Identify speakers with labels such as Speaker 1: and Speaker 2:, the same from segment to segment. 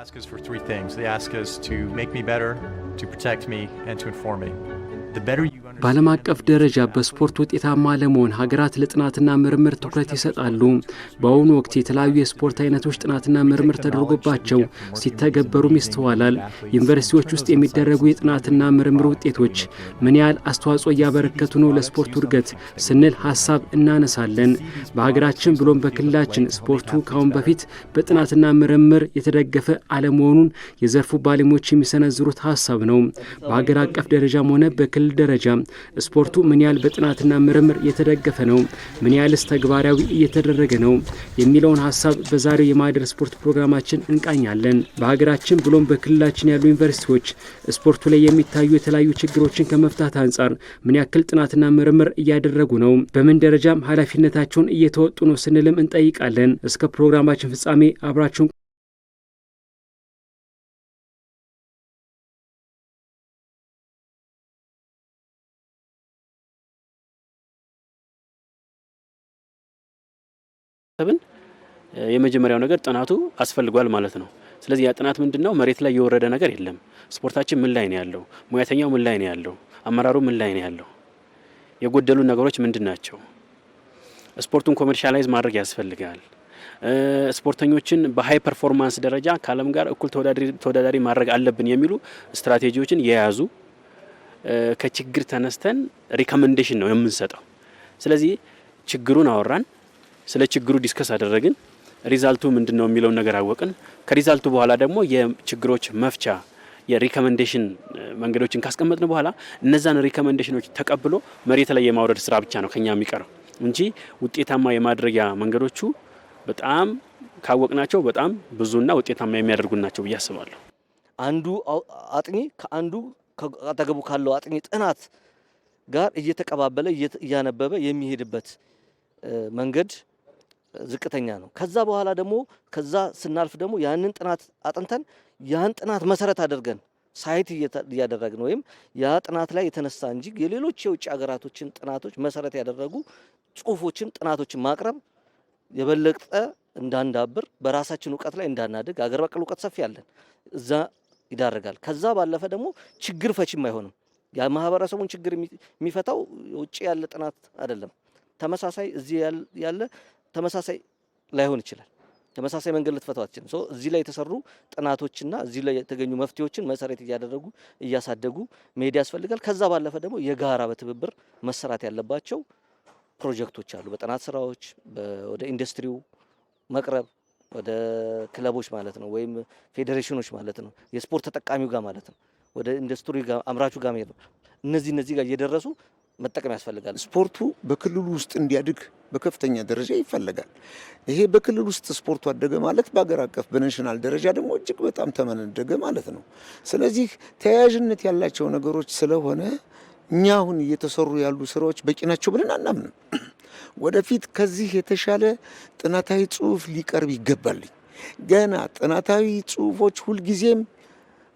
Speaker 1: ask us for three things. They ask us to make me better, to protect me, and to inform me. The better you በዓለም አቀፍ ደረጃ በስፖርት ውጤታማ ለመሆን ሀገራት ለጥናትና ምርምር ትኩረት ይሰጣሉ። በአሁኑ ወቅት የተለያዩ የስፖርት አይነቶች ጥናትና ምርምር ተደርጎባቸው ሲተገበሩም ይስተዋላል። ዩኒቨርሲቲዎች ውስጥ የሚደረጉ የጥናትና ምርምር ውጤቶች ምን ያህል አስተዋጽኦ እያበረከቱ ነው ለስፖርቱ እድገት ስንል ሀሳብ እናነሳለን። በሀገራችን ብሎም በክልላችን ስፖርቱ ካሁን በፊት በጥናትና ምርምር የተደገፈ አለመሆኑን የዘርፉ ባለሙያዎች የሚሰነዝሩት ሀሳብ ነው። በሀገር አቀፍ ደረጃም ሆነ በክልል ደረጃ ስፖርቱ ምን ያህል በጥናትና ምርምር የተደገፈ ነው? ምን ያህልስ ተግባራዊ እየተደረገ ነው? የሚለውን ሀሳብ በዛሬው የማህደር ስፖርት ፕሮግራማችን እንቃኛለን። በሀገራችን ብሎም በክልላችን ያሉ ዩኒቨርሲቲዎች ስፖርቱ ላይ የሚታዩ የተለያዩ ችግሮችን ከመፍታት አንጻር ምን ያክል ጥናትና ምርምር እያደረጉ ነው? በምን ደረጃም ኃላፊነታቸውን እየተወጡ ነው ስንልም እንጠይቃለን። እስከ ፕሮግራማችን ፍጻሜ አብራችሁን
Speaker 2: ካሰብን የመጀመሪያው ነገር ጥናቱ አስፈልጓል ማለት ነው። ስለዚህ ያ ጥናት ምንድን ነው? መሬት ላይ የወረደ ነገር የለም። ስፖርታችን ምን ላይ ነው ያለው? ሙያተኛው ምን ላይ ነው ያለው? አመራሩ ምን ላይ ነው ያለው? የጎደሉ ነገሮች ምንድን ናቸው? ስፖርቱን ኮመርሻላይዝ ማድረግ ያስፈልጋል። ስፖርተኞችን በሀይ ፐርፎርማንስ ደረጃ ከዓለም ጋር እኩል ተወዳዳሪ ማድረግ አለብን የሚሉ ስትራቴጂዎችን የያዙ ከችግር ተነስተን ሪኮመንዴሽን ነው የምንሰጠው። ስለዚህ ችግሩን አወራን። ስለ ችግሩ ዲስከስ አደረግን። ሪዛልቱ ምንድን ነው የሚለውን ነገር አወቅን። ከሪዛልቱ በኋላ ደግሞ የችግሮች መፍቻ የሪኮመንዴሽን መንገዶችን ካስቀመጥን በኋላ እነዛን ሪኮመንዴሽኖች ተቀብሎ መሬት ላይ የማውረድ ስራ ብቻ ነው ከኛ የሚቀረው እንጂ ውጤታማ የማድረጊያ መንገዶቹ በጣም ካወቅናቸው በጣም ብዙና ውጤታማ የሚያደርጉን ናቸው ብዬ አስባለሁ። አንዱ አጥኚ ከአንዱ አጠገቡ ካለው አጥኚ ጥናት ጋር እየተቀባበለ እያነበበ የሚሄድበት መንገድ ዝቅተኛ ነው። ከዛ በኋላ ደግሞ ከዛ ስናልፍ ደግሞ ያንን ጥናት አጥንተን ያን ጥናት መሰረት አድርገን ሳይት እያደረግን ወይም ያ ጥናት ላይ የተነሳ እንጂ የሌሎች የውጭ ሀገራቶችን ጥናቶች መሰረት ያደረጉ ጽሁፎችን፣ ጥናቶችን ማቅረብ የበለጠ እንዳንዳብር በራሳችን እውቀት ላይ እንዳናድግ አገር በቀል እውቀት ሰፊ ያለን እዛ ይዳርጋል። ከዛ ባለፈ ደግሞ ችግር ፈችም አይሆንም። የማህበረሰቡን ችግር የሚፈታው ውጭ ያለ ጥናት አይደለም። ተመሳሳይ እዚህ ያለ ተመሳሳይ ላይሆን ይችላል። ተመሳሳይ መንገድ ልትፈታው አትችልም። ሶ እዚህ ላይ የተሰሩ ጥናቶችና እዚህ ላይ የተገኙ መፍትሄዎችን መሰረት እያደረጉ እያሳደጉ መሄድ ያስፈልጋል። ከዛ ባለፈ ደግሞ የጋራ በትብብር መሰራት ያለባቸው ፕሮጀክቶች አሉ። በጥናት ስራዎች ወደ ኢንዱስትሪው መቅረብ ወደ ክለቦች ማለት ነው ወይም ፌዴሬሽኖች ማለት ነው የስፖርት ተጠቃሚው ጋር ማለት ነው ወደ ኢንዱስትሪ ጋር አምራቹ ጋር መሄድ ነው። እነዚህ እነዚህ ጋር እየደረሱ መጠቀም ያስፈልጋል።
Speaker 3: ስፖርቱ በክልሉ ውስጥ እንዲያድግ በከፍተኛ ደረጃ ይፈለጋል። ይሄ በክልል ውስጥ ስፖርቱ አደገ ማለት በአገር አቀፍ በናሽናል ደረጃ ደግሞ እጅግ በጣም ተመነደገ ማለት ነው። ስለዚህ ተያያዥነት ያላቸው ነገሮች ስለሆነ እኛ አሁን እየተሰሩ ያሉ ስራዎች በቂ ናቸው ብለን አናምንም። ወደፊት ከዚህ የተሻለ ጥናታዊ ጽሁፍ ሊቀርብ ይገባልኝ። ገና ጥናታዊ ጽሁፎች ሁልጊዜም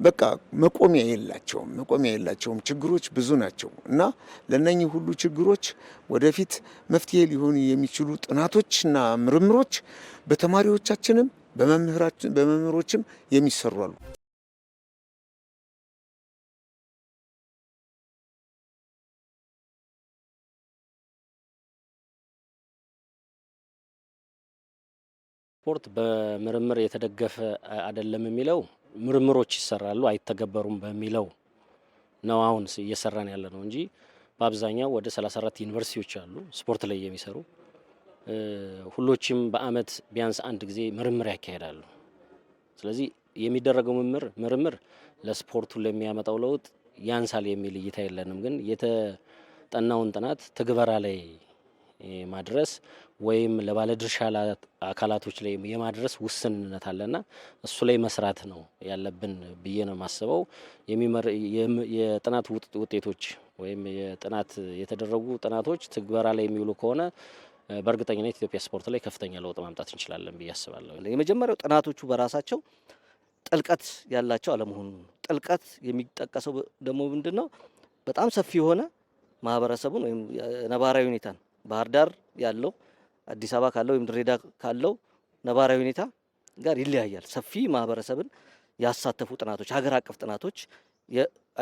Speaker 3: በቃ መቆሚያ የላቸውም መቆሚያ የላቸውም። ችግሮች ብዙ ናቸው እና ለነኚህ ሁሉ ችግሮች ወደፊት መፍትሄ ሊሆኑ የሚችሉ ጥናቶችና ምርምሮች በተማሪዎቻችንም በመምህሮችም የሚሰሩ አሉ።
Speaker 2: ስፖርት በምርምር የተደገፈ አይደለም የሚለው ምርምሮች ይሰራሉ አይተገበሩም በሚለው ነው አሁን እየሰራን ያለ ነው እንጂ በአብዛኛው ወደ 34 ዩኒቨርሲቲዎች አሉ ስፖርት ላይ የሚሰሩ ሁሎችም በአመት ቢያንስ አንድ ጊዜ ምርምር ያካሄዳሉ። ስለዚህ የሚደረገው ምርምር ምርምር ለስፖርቱ ለሚያመጣው ለውጥ ያንሳል የሚል እይታ የለንም። ግን የተጠናውን ጥናት ትግበራ ላይ ማድረስ ወይም ለባለድርሻ አካላቶች ላይ የማድረስ ውስንነት አለና እሱ ላይ መስራት ነው ያለብን ብዬ ነው የማስበው። የጥናት ውጤቶች ወይም የጥናት የተደረጉ ጥናቶች ትግበራ ላይ የሚውሉ ከሆነ በእርግጠኝነት ኢትዮጵያ ስፖርት ላይ ከፍተኛ ለውጥ ማምጣት እንችላለን ብዬ አስባለሁ። የመጀመሪያው ጥናቶቹ በራሳቸው ጥልቀት ያላቸው አለመሆኑ ጥልቀት የሚጠቀሰው ደግሞ ምንድን ነው? በጣም ሰፊ የሆነ ማህበረሰቡን ወይም ነባራዊ ሁኔታን ባህር ዳር ያለው አዲስ አበባ ካለው ወይም ድሬዳዋ ካለው ነባራዊ ሁኔታ ጋር ይለያያል። ሰፊ ማህበረሰብን ያሳተፉ ጥናቶች፣ ሀገር አቀፍ ጥናቶች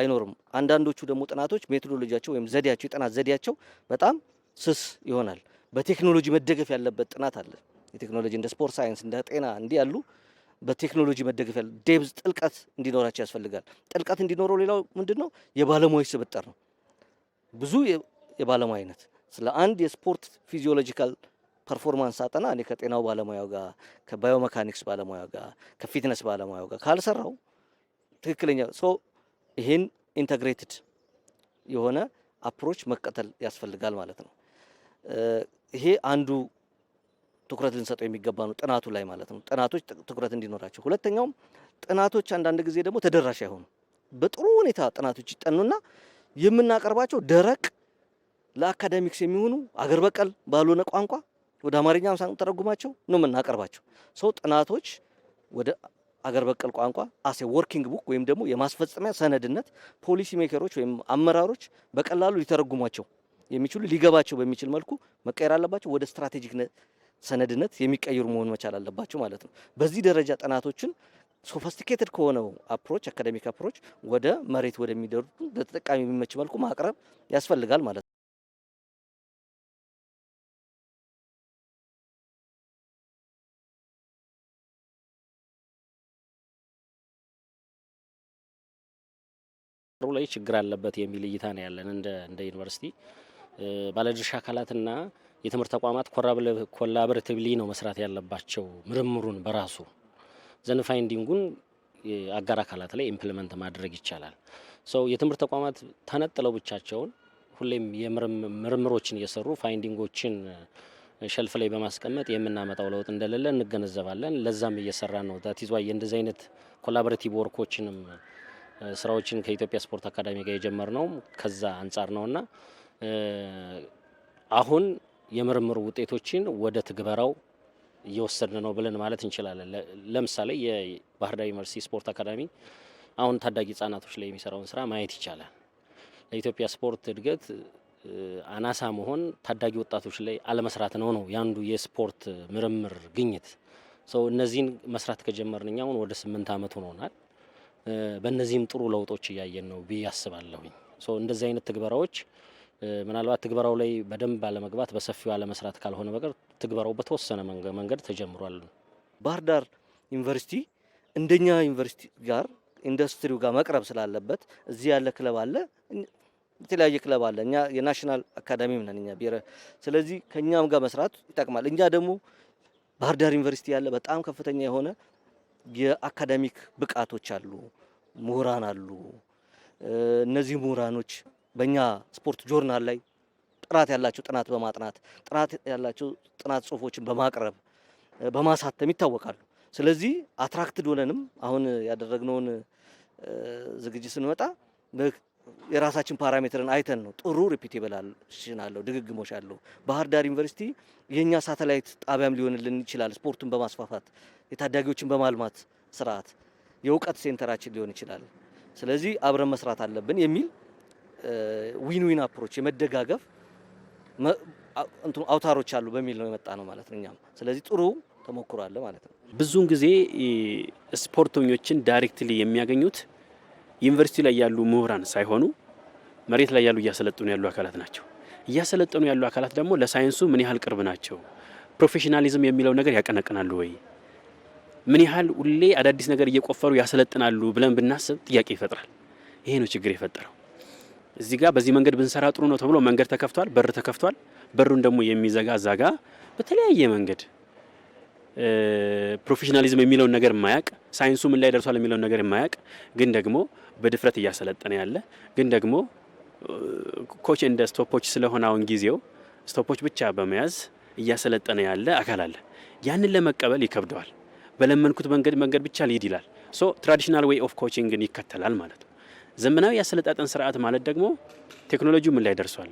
Speaker 2: አይኖርም። አንዳንዶቹ ደግሞ ጥናቶች ሜቶዶሎጂያቸው ወይም ዘዴያቸው የጥናት ዘዴያቸው በጣም ስስ ይሆናል። በቴክኖሎጂ መደገፍ ያለበት ጥናት አለ። የቴክኖሎጂ እንደ ስፖርት ሳይንስ እንደ ጤና እንዲህ ያሉ በቴክኖሎጂ መደገፍ ያለ ዴብዝ ጥልቀት እንዲኖራቸው ያስፈልጋል። ጥልቀት እንዲኖረው ሌላው ምንድን ነው? የባለሙያዎች ስብጥር ነው። ብዙ የባለሙያ አይነት ስለ አንድ የስፖርት ፊዚዮሎጂካል ፐርፎርማንስ ሳጠና እኔ ከጤናው ባለሙያው ጋር ከባዮሜካኒክስ ባለሙያው ጋር ከፊትነስ ባለሙያው ጋር ካልሰራው ትክክለኛ ሶ ይህን ኢንተግሬትድ የሆነ አፕሮች መቀጠል ያስፈልጋል ማለት ነው። ይሄ አንዱ ትኩረት ልንሰጠው የሚገባ ነው፣ ጥናቱ ላይ ማለት ነው። ጥናቶች ትኩረት እንዲኖራቸው፣ ሁለተኛውም ጥናቶች አንዳንድ ጊዜ ደግሞ ተደራሽ አይሆኑ። በጥሩ ሁኔታ ጥናቶች ይጠኑና የምናቀርባቸው ደረቅ ለአካዳሚክስ የሚሆኑ አገር በቀል ባልሆነ ቋንቋ ወደ አማርኛም ሳንተረጉማቸው ነው የምናቀርባቸው። ሰው ጥናቶች ወደ አገር በቀል ቋንቋ አሴ ወርኪንግ ቡክ ወይም ደግሞ የማስፈጸሚያ ሰነድነት ፖሊሲ ሜከሮች ወይም አመራሮች በቀላሉ ሊተረጉሟቸው የሚችሉ ሊገባቸው በሚችል መልኩ መቀየር አለባቸው። ወደ ስትራቴጂክ ሰነድነት የሚቀይሩ መሆን መቻል አለባቸው ማለት ነው። በዚህ ደረጃ ጥናቶችን ሶፈስቲኬትድ ከሆነው አፕሮች አካደሚክ አፕሮች ወደ መሬት ወደሚደርዱ ለተጠቃሚ የሚመች መልኩ ማቅረብ ያስፈልጋል ማለት ነው። ላይ ችግር አለበት የሚል እይታ ነው ያለን እንደ ዩኒቨርሲቲ ባለድርሻ አካላትና የትምህርት ተቋማት ኮላቦሬቲቭሊ ነው መስራት ያለባቸው። ምርምሩን በራሱ ዘን ፋይንዲንጉን አጋር አካላት ላይ ኢምፕሊመንት ማድረግ ይቻላል። ሰው የትምህርት ተቋማት ተነጥለው ብቻቸውን ሁሌም የምርምሮችን እየሰሩ ፋይንዲንጎችን ሸልፍ ላይ በማስቀመጥ የምናመጣው ለውጥ እንደሌለ እንገነዘባለን። ለዛም እየሰራ ነው ዛት ይዟ አይነት ኮላቦሬቲቭ ወርኮችንም ስራዎችን ከኢትዮጵያ ስፖርት አካዳሚ ጋር የጀመርነው ከዛ አንጻር እና አሁን የምርምር ውጤቶችን ወደ ትግበራው እየወሰድን ነው ብለን ማለት እንችላለን። ለምሳሌ የባህር ዳር ዩኒቨርሲቲ ስፖርት አካዳሚ አሁን ታዳጊ ህጻናቶች ላይ የሚሰራውን ስራ ማየት ይቻላል። ለኢትዮጵያ ስፖርት እድገት አናሳ መሆን ታዳጊ ወጣቶች ላይ አለመስራት ነው ነው የአንዱ የስፖርት ምርምር ግኝት ሰው እነዚህን መስራት ከጀመርን እኛ አሁን ወደ ስምንት አመት ሆኖናል። በእነዚህም ጥሩ ለውጦች እያየን ነው ብዬ አስባለሁኝ። እንደዚህ አይነት ትግበራዎች ምናልባት ትግበራው ላይ በደንብ አለመግባት በሰፊው አለመስራት ካልሆነ በቀር ትግበራው በተወሰነ መንገድ ተጀምሯል። ባህር ዳር ዩኒቨርሲቲ እንደኛ ዩኒቨርሲቲ ጋር ኢንዱስትሪው ጋር መቅረብ ስላለበት እዚህ ያለ ክለብ አለ፣ የተለያየ ክለብ አለ። እኛ የናሽናል አካዳሚም ነን እኛ ብሔረ ስለዚህ ከእኛም ጋር መስራት ይጠቅማል። እኛ ደግሞ ባህር ዳር ዩኒቨርሲቲ ያለ በጣም ከፍተኛ የሆነ የአካዳሚክ ብቃቶች አሉ፣ ምሁራን አሉ። እነዚህ ምሁራኖች በእኛ ስፖርት ጆርናል ላይ ጥራት ያላቸው ጥናት በማጥናት ጥራት ያላቸው ጥናት ጽሁፎችን በማቅረብ በማሳተም ይታወቃሉ። ስለዚህ አትራክትድ ሆነንም አሁን ያደረግነውን ዝግጅት ስንመጣ የራሳችን ፓራሜትርን አይተን ነው ጥሩ ሪፒቴብልሽን አለው ድግግሞሽ አለው። ባህር ዳር ዩኒቨርሲቲ የእኛ ሳተላይት ጣቢያም ሊሆንልን ይችላል። ስፖርቱን በማስፋፋት የታዳጊዎችን በማልማት ስርዓት የእውቀት ሴንተራችን ሊሆን ይችላል። ስለዚህ አብረን መስራት አለብን የሚል ዊን ዊን አፕሮች የመደጋገፍ አውታሮች አሉ በሚል ነው የመጣ ነው ማለት ነው እኛም። ስለዚህ ጥሩ ተሞክሮ አለ ማለት ነው። ብዙውን ጊዜ ስፖርተኞችን ዳይሬክትሊ የሚያገኙት ዩኒቨርሲቲ ላይ ያሉ ምሁራን ሳይሆኑ መሬት ላይ ያሉ እያሰለጠኑ ያሉ አካላት ናቸው። እያሰለጠኑ ያሉ አካላት ደግሞ ለሳይንሱ ምን ያህል ቅርብ ናቸው? ፕሮፌሽናሊዝም የሚለው ነገር ያቀነቅናሉ ወይ? ምን ያህል ሁሌ አዳዲስ ነገር እየቆፈሩ ያሰለጥናሉ ብለን ብናስብ ጥያቄ ይፈጥራል። ይሄ ነው ችግር የፈጠረው። እዚህ ጋር በዚህ መንገድ ብንሰራ ጥሩ ነው ተብሎ መንገድ ተከፍቷል፣ በር ተከፍቷል። በሩን ደግሞ የሚዘጋ ዛጋ በተለያየ መንገድ ፕሮፌሽናሊዝም የሚለውን ነገር የማያውቅ ሳይንሱ ምን ላይ ደርሷል የሚለውን ነገር የማያውቅ ግን ደግሞ በድፍረት እያሰለጠነ ያለ ግን ደግሞ ኮች እንደ ስቶፖች ስለሆነ አሁን ጊዜው ስቶፖች ብቻ በመያዝ እያሰለጠነ ያለ አካል አለ። ያንን ለመቀበል ይከብደዋል። በለመንኩት መንገድ መንገድ ብቻ ሊሄድ ይላል። ሶ ትራዲሽናል ዌይ ኦፍ ኮችንግን ይከተላል ማለት ነው። ዘመናዊ ያሰለጣጠን ስርዓት ማለት ደግሞ ቴክኖሎጂው ምን ላይ ደርሷል?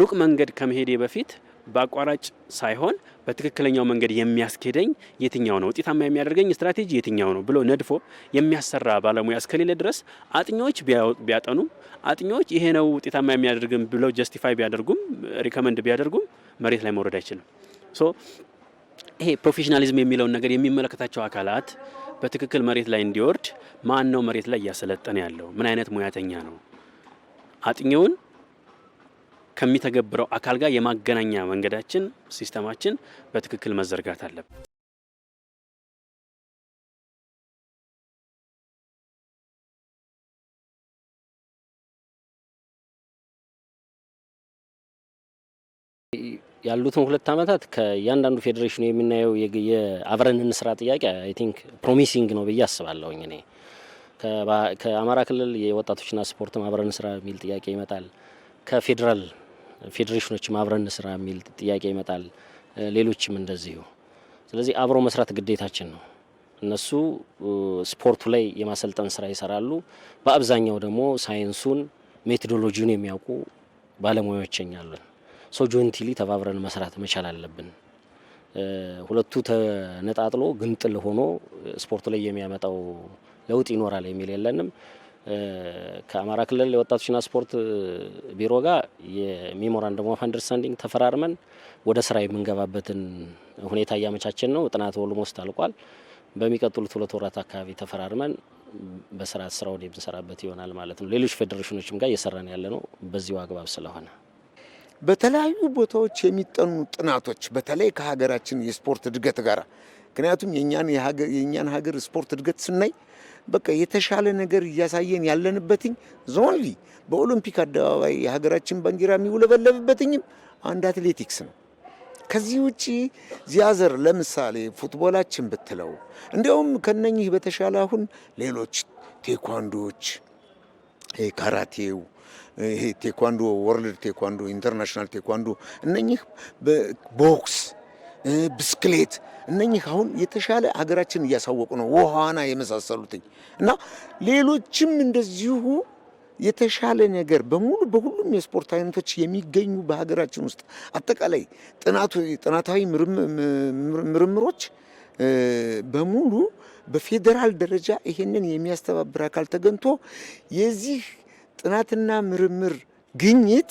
Speaker 2: ሩቅ መንገድ ከመሄዴ በፊት በአቋራጭ ሳይሆን በትክክለኛው መንገድ የሚያስኬደኝ የትኛው ነው፣ ውጤታማ የሚያደርገኝ ስትራቴጂ የትኛው ነው ብሎ ነድፎ የሚያሰራ ባለሙያ እስከሌለ ድረስ አጥኚዎች ቢያጠኑ አጥኚዎች ይሄ ነው ውጤታማ የሚያደርግም ብለው ጀስቲፋይ ቢያደርጉም ሪከመንድ ቢያደርጉም መሬት ላይ መውረድ አይችልም። ሶ ይሄ ፕሮፌሽናሊዝም የሚለውን ነገር የሚመለከታቸው አካላት በትክክል መሬት ላይ እንዲወርድ ማን ነው መሬት ላይ እያሰለጠነ ያለው? ምን አይነት ሙያተኛ ነው? አጥኚውን ከሚተገብረው አካል ጋር የማገናኛ መንገዳችን ሲስተማችን በትክክል መዘርጋት አለብን። ያሉትን ሁለት ዓመታት ከእያንዳንዱ ፌዴሬሽኑ የምናየው የአብረን እንስራ ጥያቄ አይ ቲንክ ፕሮሚሲንግ ነው ብዬ አስባለሁኝ። እኔ ከአማራ ክልል የወጣቶችና ስፖርትም አብረን እንስራ የሚል ጥያቄ ይመጣል። ከፌዴራል ፌዴሬሽኖችም አብረን ስራ የሚል ጥያቄ ይመጣል። ሌሎችም እንደዚሁ። ስለዚህ አብሮ መስራት ግዴታችን ነው። እነሱ ስፖርቱ ላይ የማሰልጠን ስራ ይሰራሉ። በአብዛኛው ደግሞ ሳይንሱን፣ ሜቶዶሎጂውን የሚያውቁ ባለሙያዎች ኛለን። ሰው ሶ ተባብረን መስራት መቻል አለብን። ሁለቱ ተነጣጥሎ ግንጥል ሆኖ ስፖርቱ ላይ የሚያመጣው ለውጥ ይኖራል የሚል የለንም። ከአማራ ክልል የወጣቶችና ስፖርት ቢሮ ጋር የሜሞራንደም ኦፍ አንደርስታንዲንግ ተፈራርመን ወደ ስራ የምንገባበትን ሁኔታ እያመቻችን ነው። ጥናት ኦልሞስት አልቋል። በሚቀጥሉት ሁለት ወራት አካባቢ ተፈራርመን በስራ ስራውን የምንሰራበት ይሆናል ማለት ነው። ሌሎች ፌዴሬሽኖችም ጋር እየሰራን ያለ ነው በዚሁ አግባብ ስለሆነ
Speaker 3: በተለያዩ ቦታዎች የሚጠኑ ጥናቶች በተለይ ከሀገራችን የስፖርት እድገት ጋር ምክንያቱም የእኛን ሀገር ስፖርት እድገት ስናይ በቃ የተሻለ ነገር እያሳየን ያለንበትኝ ዞንሊ በኦሎምፒክ አደባባይ የሀገራችን ባንዲራ የሚውለበለብበትኝም አንድ አትሌቲክስ ነው። ከዚህ ውጪ ዚያዘር ለምሳሌ ፉትቦላችን ብትለው እንዲያውም ከነኚህ በተሻለ አሁን ሌሎች ቴኳንዶዎች፣ ካራቴው ይሄ ቴኳንዶ ወርልድ ቴኳንዶ ኢንተርናሽናል ቴኳንዶ እነኚህ ቦክስ ብስክሌት እነኚህ አሁን የተሻለ ሀገራችን እያሳወቁ ነው። ውሃና የመሳሰሉትኝ እና ሌሎችም እንደዚሁ የተሻለ ነገር በሙሉ በሁሉም የስፖርት አይነቶች የሚገኙ በሀገራችን ውስጥ አጠቃላይ ጥናታዊ ምርምሮች በሙሉ በፌዴራል ደረጃ ይሄንን የሚያስተባብር አካል ተገንቶ የዚህ ጥናትና ምርምር ግኝት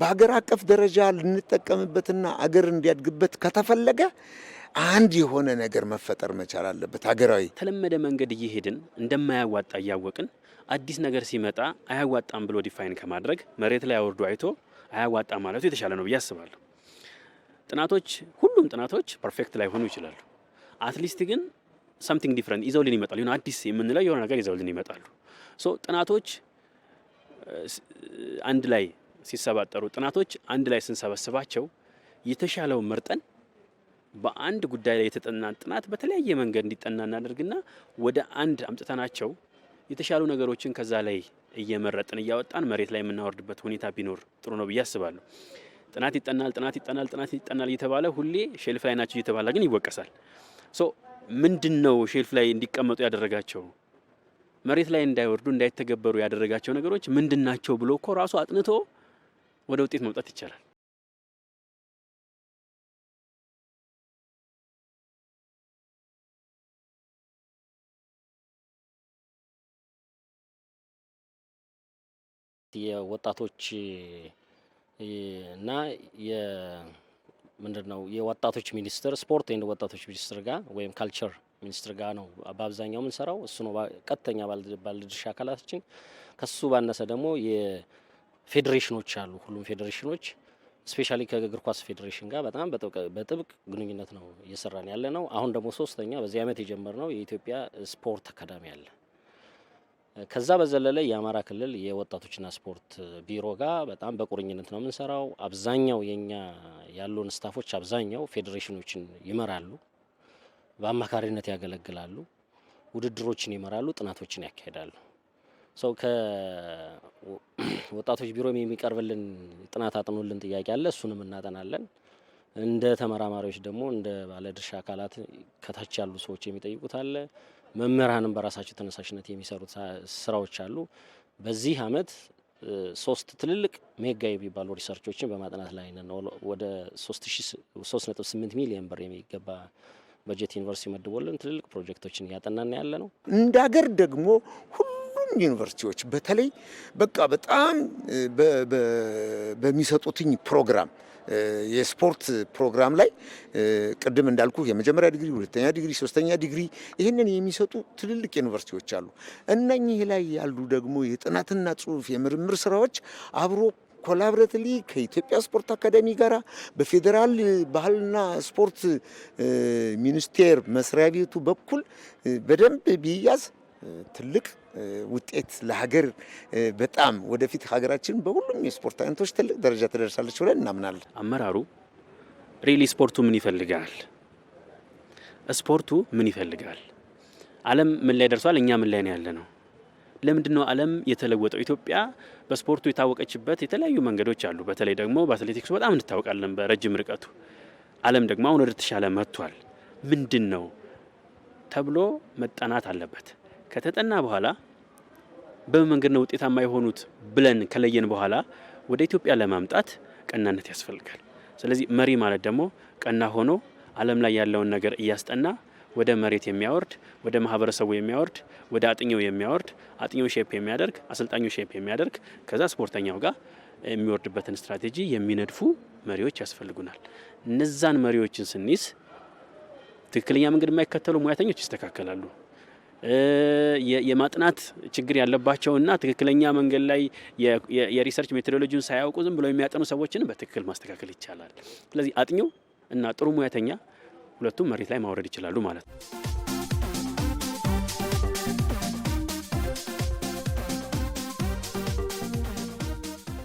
Speaker 3: በሀገር አቀፍ ደረጃ ልንጠቀምበትና አገር እንዲያድግበት ከተፈለገ አንድ የሆነ ነገር መፈጠር መቻል አለበት። ሀገራዊ
Speaker 2: የተለመደ መንገድ እየሄድን እንደማያዋጣ እያወቅን አዲስ ነገር ሲመጣ አያዋጣም ብሎ ዲፋይን ከማድረግ መሬት ላይ አውርዶ አይቶ አያዋጣ ማለቱ የተሻለ ነው ብዬ አስባለሁ። ጥናቶች ሁሉም ጥናቶች ፐርፌክት ላይሆኑ ይችላሉ። አትሊስት ግን ሰምቲንግ ዲፍረንት ይዘውልን ይመጣሉ። አዲስ የምንለው የሆነ ነገር ይዘውልን ይመጣሉ። ሶ ጥናቶች አንድ ላይ ሲሰባጠሩ ጥናቶች አንድ ላይ ስንሰበስባቸው የተሻለውን መርጠን በአንድ ጉዳይ ላይ የተጠና ጥናት በተለያየ መንገድ እንዲጠና እናደርግና ወደ አንድ አምጥተናቸው የተሻሉ ነገሮችን ከዛ ላይ እየመረጥን እያወጣን መሬት ላይ የምናወርድበት ሁኔታ ቢኖር ጥሩ ነው ብዬ አስባለሁ። ጥናት ይጠናል፣ ጥናት ይጠናል፣ ጥናት ይጠናል እየተባለ ሁሌ ሼልፍ ላይ ናቸው እየተባለ ግን ይወቀሳል። ሶ ምንድን ነው ሼልፍ ላይ እንዲቀመጡ ያደረጋቸው? መሬት ላይ እንዳይወርዱ እንዳይተገበሩ ያደረጋቸው ነገሮች ምንድን ናቸው ብሎ እኮ ራሱ አጥንቶ ወደ ውጤት መምጣት ይቻላል። የወጣቶች እና ምንድን ነው የወጣቶች ሚኒስትር ስፖርት ወይም ወጣቶች ሚኒስትር ጋር ወይም ካልቸር ሚኒስትር ጋር ነው በአብዛኛው የምንሰራው። እሱ ነው ቀጥተኛ ባለድርሻ አካላችን። ከሱ ባነሰ ደግሞ የፌዴሬሽኖች አሉ። ሁሉም ፌዴሬሽኖች ስፔሻሊ ከእግር ኳስ ፌዴሬሽን ጋር በጣም በጥብቅ ግንኙነት ነው እየሰራን ያለ ነው። አሁን ደግሞ ሶስተኛ በዚህ ዓመት የጀመርነው የኢትዮጵያ ስፖርት አካዳሚ አለ። ከዛ በዘለለ የአማራ ክልል የወጣቶችና ስፖርት ቢሮ ጋር በጣም በቁርኝነት ነው የምንሰራው። አብዛኛው የኛ ያሉን ስታፎች አብዛኛው ፌዴሬሽኖችን ይመራሉ። በአማካሪነት ያገለግላሉ፣ ውድድሮችን ይመራሉ፣ ጥናቶችን ያካሂዳሉ። ሰው ከወጣቶች ቢሮ የሚቀርብልን ጥናት አጥኑልን ጥያቄ አለ። እሱንም እናጠናለን። እንደ ተመራማሪዎች ደግሞ እንደ ባለድርሻ አካላት ከታች ያሉ ሰዎች የሚጠይቁት አለ። መምህራንም በራሳቸው ተነሳሽነት የሚሰሩት ስራዎች አሉ። በዚህ አመት ሶስት ትልልቅ ሜጋ የሚባሉ ሪሰርቾችን በማጥናት ላይ ነን። ወደ 3.8 ሚሊዮን ብር የሚገባ በጀት ዩኒቨርሲቲ መድቦልን ትልልቅ ፕሮጀክቶችን እያጠናና ያለ ነው።
Speaker 3: እንደ ሀገር ደግሞ ሁሉም ዩኒቨርሲቲዎች በተለይ በቃ በጣም በሚሰጡትኝ ፕሮግራም የስፖርት ፕሮግራም ላይ ቅድም እንዳልኩ የመጀመሪያ ዲግሪ፣ ሁለተኛ ዲግሪ፣ ሶስተኛ ዲግሪ ይህንን የሚሰጡ ትልልቅ ዩኒቨርሲቲዎች አሉ። እነኚህ ላይ ያሉ ደግሞ የጥናትና ጽሁፍ የምርምር ስራዎች አብሮ ኮላብረትሊ ከኢትዮጵያ ስፖርት አካዳሚ ጋር በፌዴራል ባህልና ስፖርት ሚኒስቴር መስሪያ ቤቱ በኩል በደንብ ቢያዝ ትልቅ ውጤት ለሀገር በጣም ወደፊት ሀገራችን በሁሉም የስፖርት አይነቶች ትልቅ ደረጃ ትደርሳለች ብለን እናምናለን።
Speaker 2: አመራሩ ሪሊ ስፖርቱ ምን ይፈልጋል? ስፖርቱ ምን ይፈልጋል? ዓለም ምን ላይ ደርሷል? እኛ ምን ላይ ነው ያለ ነው? ለምንድን ነው ዓለም የተለወጠው? ኢትዮጵያ በስፖርቱ የታወቀችበት የተለያዩ መንገዶች አሉ። በተለይ ደግሞ በአትሌቲክሱ በጣም እንታወቃለን በረጅም ርቀቱ። ዓለም ደግሞ አሁን ወደ ተሻለ መጥቷል። ምንድን ነው ተብሎ መጠናት አለበት። ከተጠና በኋላ በምን መንገድ ነው ውጤታማ የሆኑት ብለን ከለየን በኋላ ወደ ኢትዮጵያ ለማምጣት ቀናነት ያስፈልጋል። ስለዚህ መሪ ማለት ደግሞ ቀና ሆኖ ዓለም ላይ ያለውን ነገር እያስጠና ወደ መሬት የሚያወርድ ወደ ማህበረሰቡ የሚያወርድ ወደ አጥኚው የሚያወርድ አጥኚው ሼፕ የሚያደርግ አሰልጣኙ ሼፕ የሚያደርግ ከዛ ስፖርተኛው ጋር የሚወርድበትን ስትራቴጂ የሚነድፉ መሪዎች ያስፈልጉናል። እነዛን መሪዎችን ስንይዝ ትክክለኛ መንገድ የማይከተሉ ሙያተኞች ይስተካከላሉ። የማጥናት ችግር ያለባቸውና ትክክለኛ መንገድ ላይ የሪሰርች ሜቶዶሎጂን ሳያውቁ ዝም ብለው የሚያጠኑ ሰዎችን በትክክል ማስተካከል ይቻላል። ስለዚህ አጥኚው እና ጥሩ ሙያተኛ ሁለቱም መሬት ላይ ማውረድ ይችላሉ ማለት ነው።